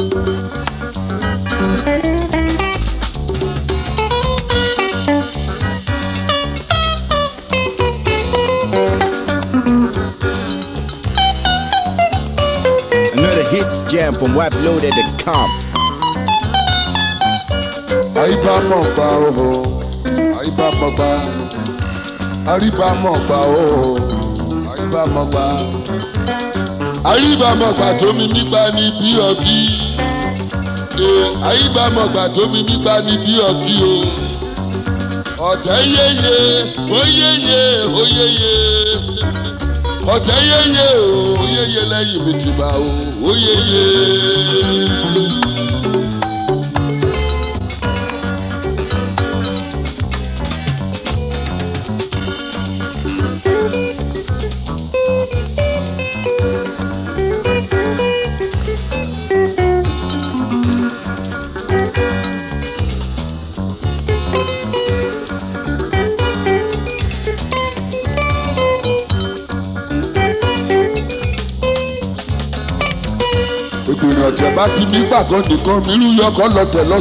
Another hits jam from Wap Loaded X Com. Àyíbá mọ̀ gbà ó, àyíbá mọ̀ gbà, àríbá mọ̀ gbà àyíbàmọ̀gbà tó mi nígbà ní bí ọtí àyíbàmọ̀gbà tó mi nígbà ní bí ọtí o ọ̀tẹ̀ yéye oyéye oyéye ọ̀tẹ̀ yéye oyéye lẹ́yìn mi ti bá o oyéye. ọ̀jẹ̀ bá ti nígbà tó nìkan mi ló yọkọ̀ lọ́tẹ̀ lọ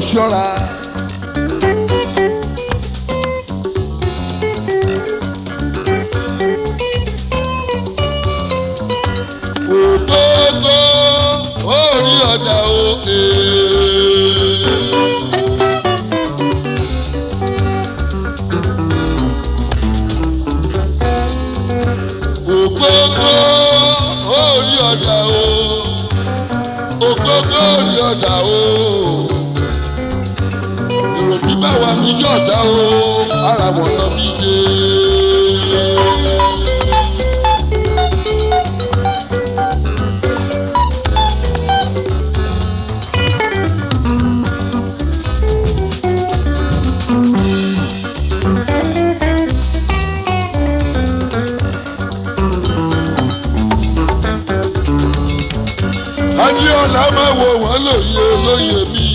ọ̀dà o èrò bíbá wa níjọ́ ọ̀dà o ara mọ̀ náà fi ṣe. là máa wò wọ́n lóye lóye mi.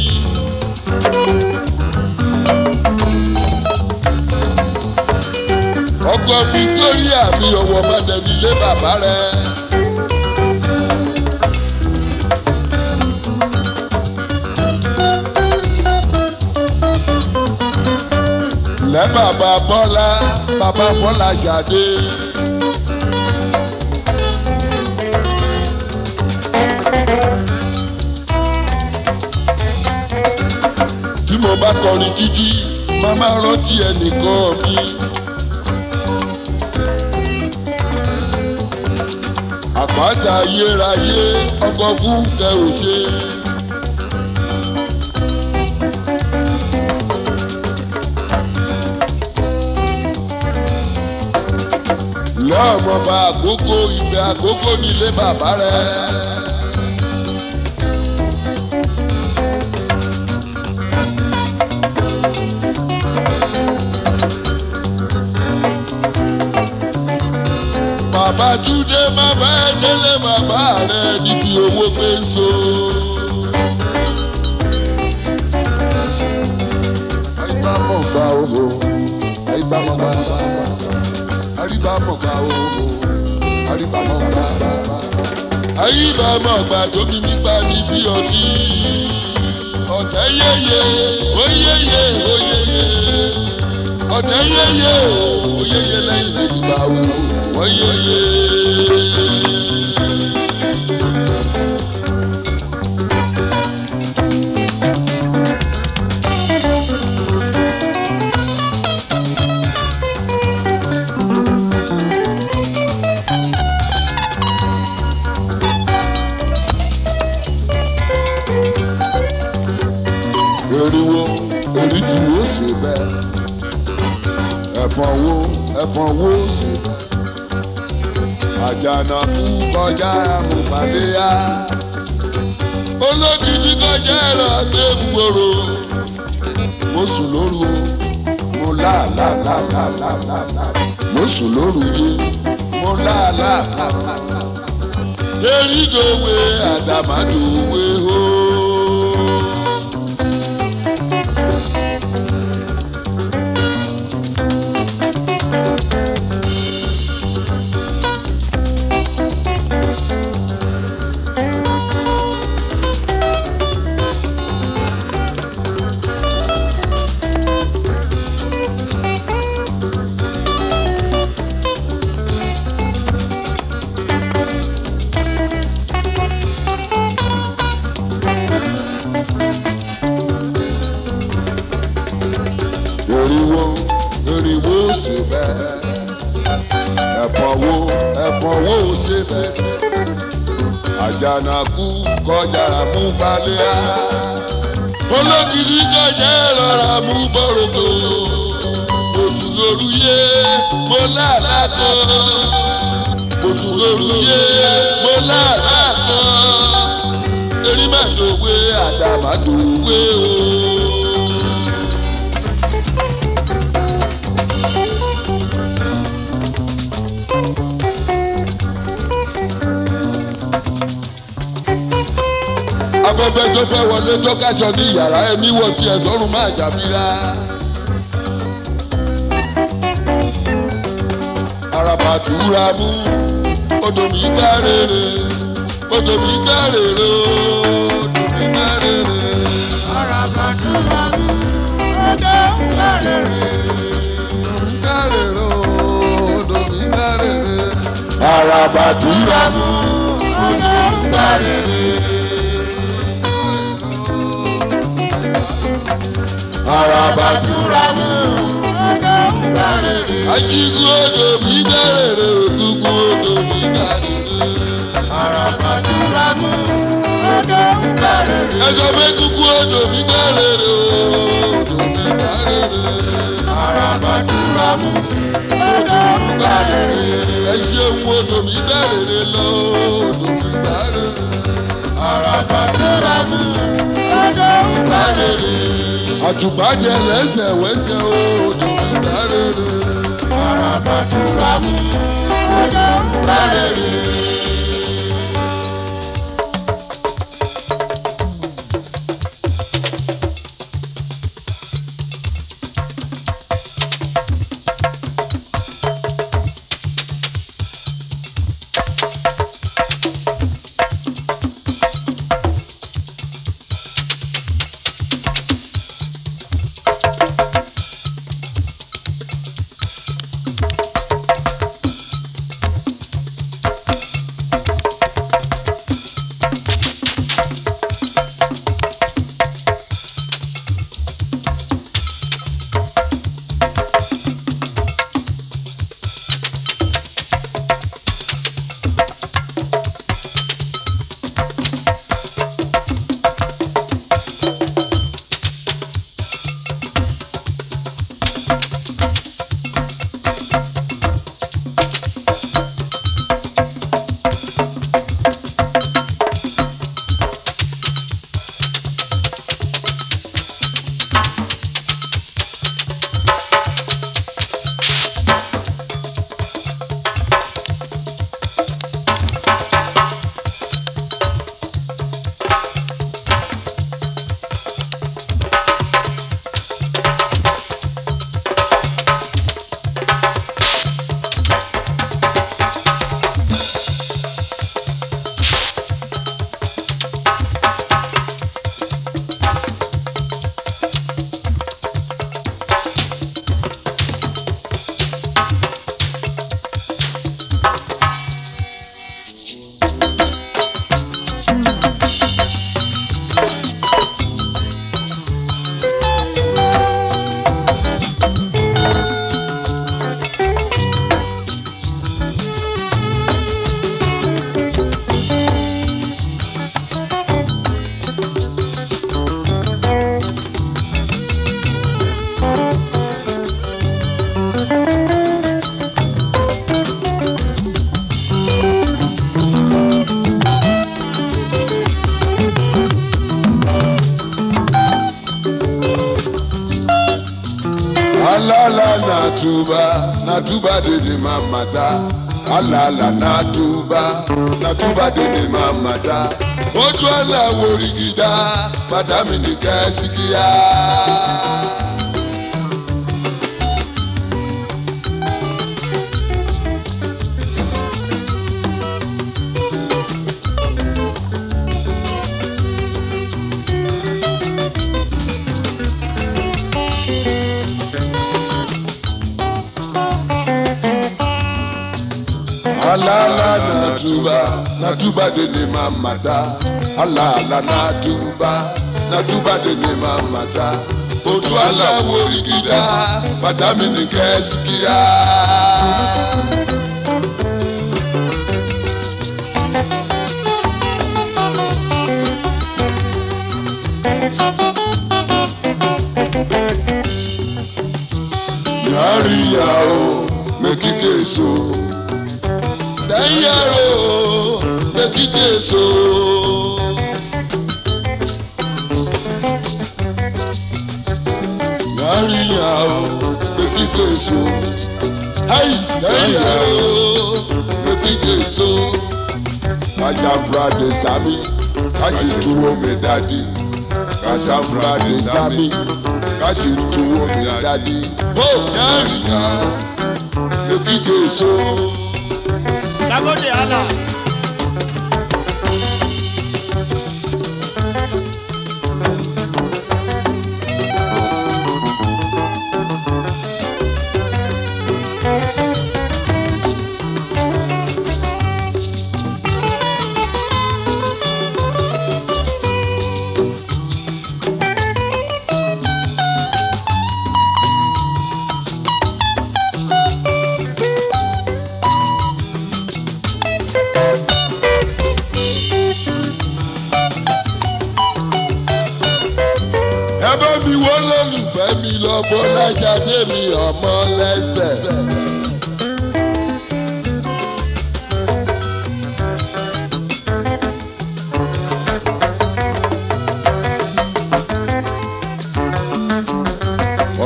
ọkọ Victoria mi ọwọ́ mọ́tẹ́ nílé bàbá rẹ̀. lẹ́ bàbá Bọ́lá bàbá Bọ́lá Ṣàdé. thank you mo bá tọrin jíjí máa máa rántí ẹnìkan mi. àpáta ayérayé ọkọ̀ fún kẹ ò ṣe. lọ́ọ̀mọba àkókò ìgbà àkókò nílé bàbá rẹ̀. bàbá Túndé má fẹ́ délé bàbá rẹ̀ níbi owó péńsó. àyíká mọ̀ gbà owó àyíká mọ̀ gbà àríbá mọ̀ gbà owó àríbá mọ̀ gbà. àyíká mọ̀ gbà tóbi nípa níbi ọtí ọ̀tẹ̀ yéye oyéye oyéye ọ̀tẹ̀ yéye o yéye lẹ́yìn ìgbà o wọ́n yéye. ẹ̀fọ́nwó sí. Àjànàkú kọjá àmùpàdéyà. Olókìkí kọjá ẹ̀rọ àgbẹ̀gbòrò. Mo sùn lóru mo láàláàláàláàláà. Mo sùn lóru yìí mo láàláàláà. Erígòwe àdàmàdòwe o. wo ṣe bẹ́ẹ̀ ẹ̀fọn wo ẹ̀fọn wo ṣe bẹ́ẹ̀ àjànàkú kọjá mú balẹ̀ á olókìkí kọjá rọra mú bọ̀rọ̀kọ̀ oṣù lóru yé mo láàlákọ̀ oṣù lóru yé mo láàlákọ̀ erimẹ́tòwe àdàbàtòwe o. abọ́bẹ́ tó fẹ́ wọlé tó kàṣọ ní yàrá ẹ̀mí wọ tiẹ̀ sọ́run máa jàmíra. àràbàdúrà mú odò mi ká rere odò mi ká rere odò mi ká rere. àràbàdúrà mú odò mi ká rere odò mi ká rere àràbà túra mú. ajígun odò mi bẹ̀rẹ̀ òtúkún odò mi bàjẹ́. àràbà túra mú. ẹjọ́ mẹ́kúkú odò mi bẹ̀rẹ̀ odò mi bàjẹ́. àràbà túra mú. ẹ ṣeun odò mi bẹ̀rẹ̀ lọ odò mi bàjẹ́. àràbà túra mú àtùbàjẹ lẹ́sẹ̀ wẹ́sẹ̀ o òjò ìdárere. ọ̀rọ̀ tó dùn mú ọjọ́ ìdárere. alala natuba natuba dede mamata alala natuba natuba dede mamata ojú ọ̀la wo rìgìdá bàtà mi nìkan ẹ̀ síkìyà. alala natuba natuba de ne ma mata alala natuba natuba de ne ma mata odu ala worigida bàtà mi ni kẹsikiya. yàrá ìyàwó mẹ́kíkẹ́ so ẹ̀yẹ́rẹ́ o bẹ́kí jésù. Nàríyà o bẹ́kí jésù. ẹ̀yẹ́rẹ́ o bẹ́kí jésù. Kajabra de sami, kaji tuwo mi dadi. Kajabra de sami, kaji tuwo mi dadi. Ó yẹ́rìí ya, èkìkè so. Jagode Allah.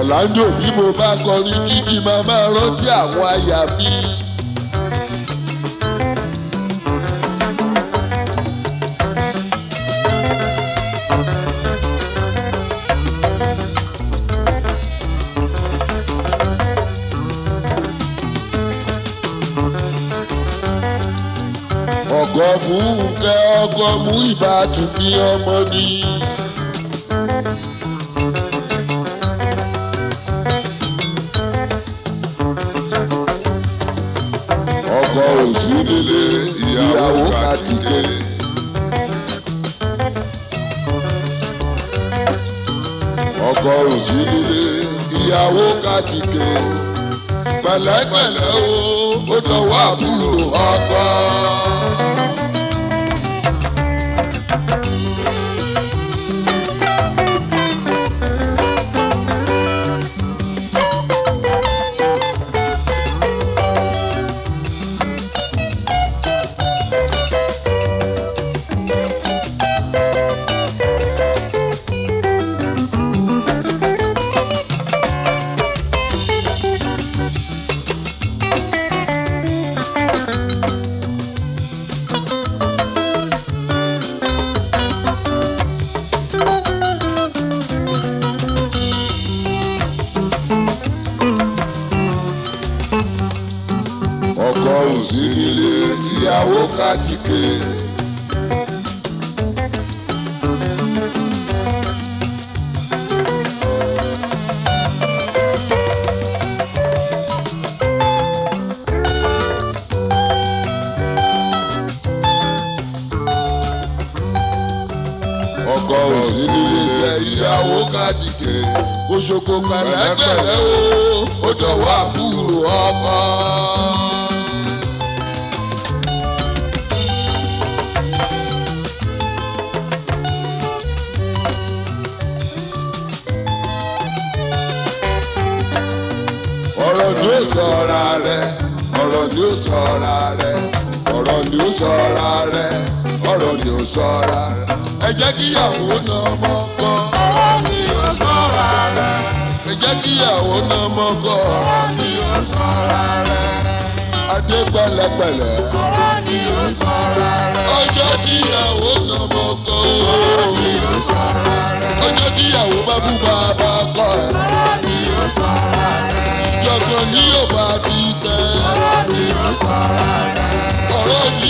Ọ̀làndò bí mo bá kọrin kíkì máa máa rántí àwọn àyà mi. ọ̀gọ̀ fún kẹ́ ọkọ̀ mú ìbátúbí ọmọ ni. délé ìyàwó kàdìdé. ọkọ òsì délé ìyàwó kàdìdé. pẹ̀lẹ́pẹ̀lẹ́ o ó jọ wá àbúrò ọkọ. ládìgẹ̀ oṣoko pẹ̀lẹ́pẹ̀lẹ́ o ó dọ̀wọ́ àbúrò ọkọ. ọ̀rọ̀ ni ó sọ̀ra rẹ̀ ọ̀rọ̀ ni ó sọ̀ra rẹ̀ ọ̀rọ̀ ni ó sọ̀ra rẹ̀ ọ̀rọ̀ ni ó sọ̀ra rẹ̀ ẹ jẹ́ kíyàwó náà mọ̀ jẹ́ kíyàwó náà mọ́kọ́. Kọ́rọ́ ni ó sọ̀ra rẹ̀. Adé pẹ̀lẹ́pẹ̀lẹ́. Kọ́rọ́ ni ó sọ̀ra rẹ̀. Ó jẹ́ kíyàwó náà mọ́kọ́. Kọ́rọ́ ni ó sọ̀ra rẹ̀. Ó jẹ́ kíyàwó bá bú bàbá kọ́ ẹ̀. ni ó sọ̀ra rẹ̀. Jọ̀gbọ̀n ni yóò bá fi tẹ́. Kọ́rọ́ ni ó sọ̀ra rẹ̀. Kọ́rọ́ ni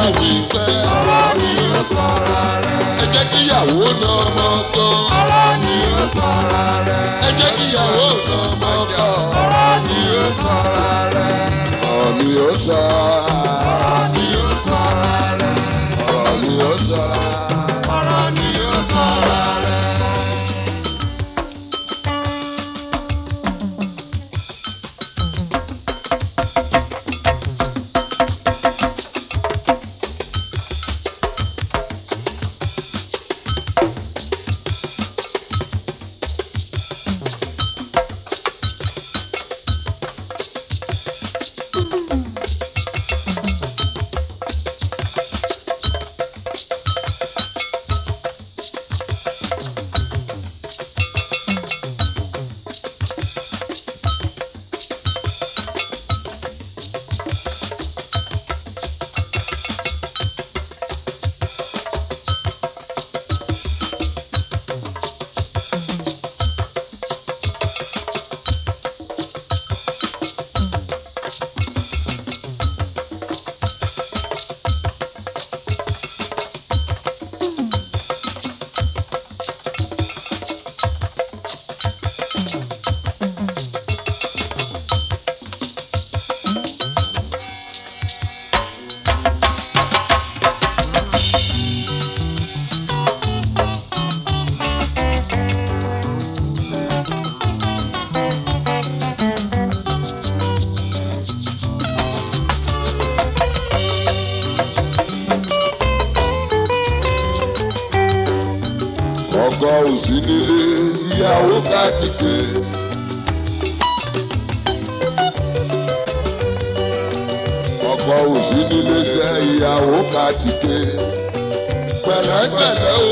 bá wí pẹ́. ọ̀rọ̀ ni ó sọ̀ra rẹ̀. ẹ jẹ́ kíyàwó na ọmọ ọkọ. ọ̀rọ̀ ni ó sọ̀ra rẹ̀. ẹ jẹ́ kíyàwó na ọmọ ọkọ. ọ̀rọ̀ ni ó sọ̀ra rẹ̀. ọ̀rọ̀ ni ó sọ. ọ̀rọ̀ ni ó rẹ̀. ọ̀rọ̀ ni ó sọ. gbé. ọkọ òsì nílé sẹ́ ìyàwó kàtìké pẹ̀lẹ́pẹ̀lẹ́ o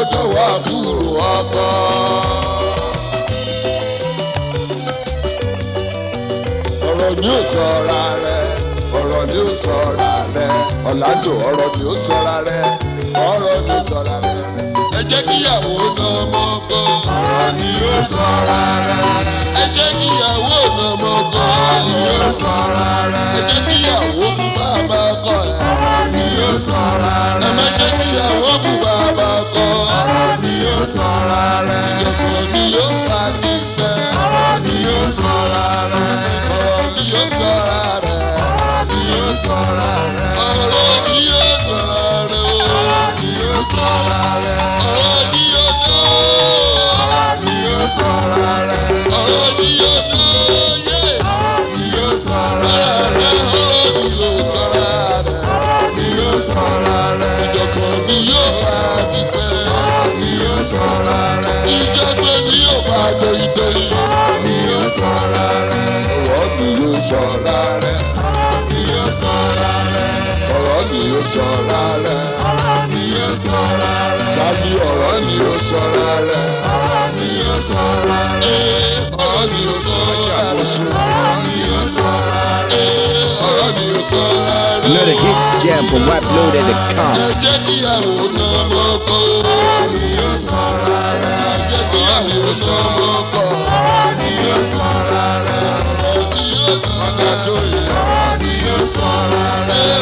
ó dọ̀wọ́ àbúrò ọkọ. ọ̀rọ̀ ni ó sọ ara rẹ̀ ọ̀rọ̀ ni ó sọ ara rẹ̀ ọ̀làjò ọ̀rọ̀ ni ó sọ ara rẹ̀ ọ̀rọ̀ ni ó sọ ara rẹ̀ jẹ́ kíyàwó lọ́mọ kan. ọ̀rọ̀ ni yóò sọ rárá. ẹ jẹ́ kíyàwó lọ́mọ kan. ọ̀rọ̀ ni yóò sọ rárá. ẹ jẹ́ kíyàwó kú bàbá kọ. ọ̀rọ̀ ni yóò sọ rárá. ẹ má jẹ́ kíyàwó kú bàbá kọ. ọ̀rọ̀ ni yóò sọ rárá. ìjọba ni yóò fà ti pẹ́. ọ̀rọ̀ ni yóò sọ rárá. ọ̀rọ̀ ni yóò sọ rárá. ọ̀rọ̀ ni yóò sọ rárá sọ̀ra rẹ̀. ọ̀rọ̀ ni yóò sọ. ọ̀rọ̀ ni yóò sọ̀ra rẹ̀. ọ̀rọ̀ ni yóò sọ. ọ̀rọ̀ ni yóò sọ̀ra rẹ̀. ọ̀rọ̀ ni yóò sọ̀ra rẹ̀. ọ̀rọ̀ ni yóò sọ̀ra rẹ̀. ìjọ̀gbọ̀n ni yóò bá a dìgbẹ́. ọ̀rọ̀ ni yóò sọ̀ra rẹ̀. ìjọ̀gbọ̀n ni yóò bá a jẹ ìgbẹ́ yìí. ọ̀rọ̀ ni yóò sọ̀ra rẹ̀. ọ̀rọ̀ ni yóò sọ̀ra rẹ̀. ọ̀rọ̀ ni yóò sọ̀ra rẹ̀. ọ̀rọ̀ ni yóò sọ̀ra rẹ̀. Another eh, eh, hits jam from WhiteBloated.com. Jẹ́jẹ́ kíyàwó náà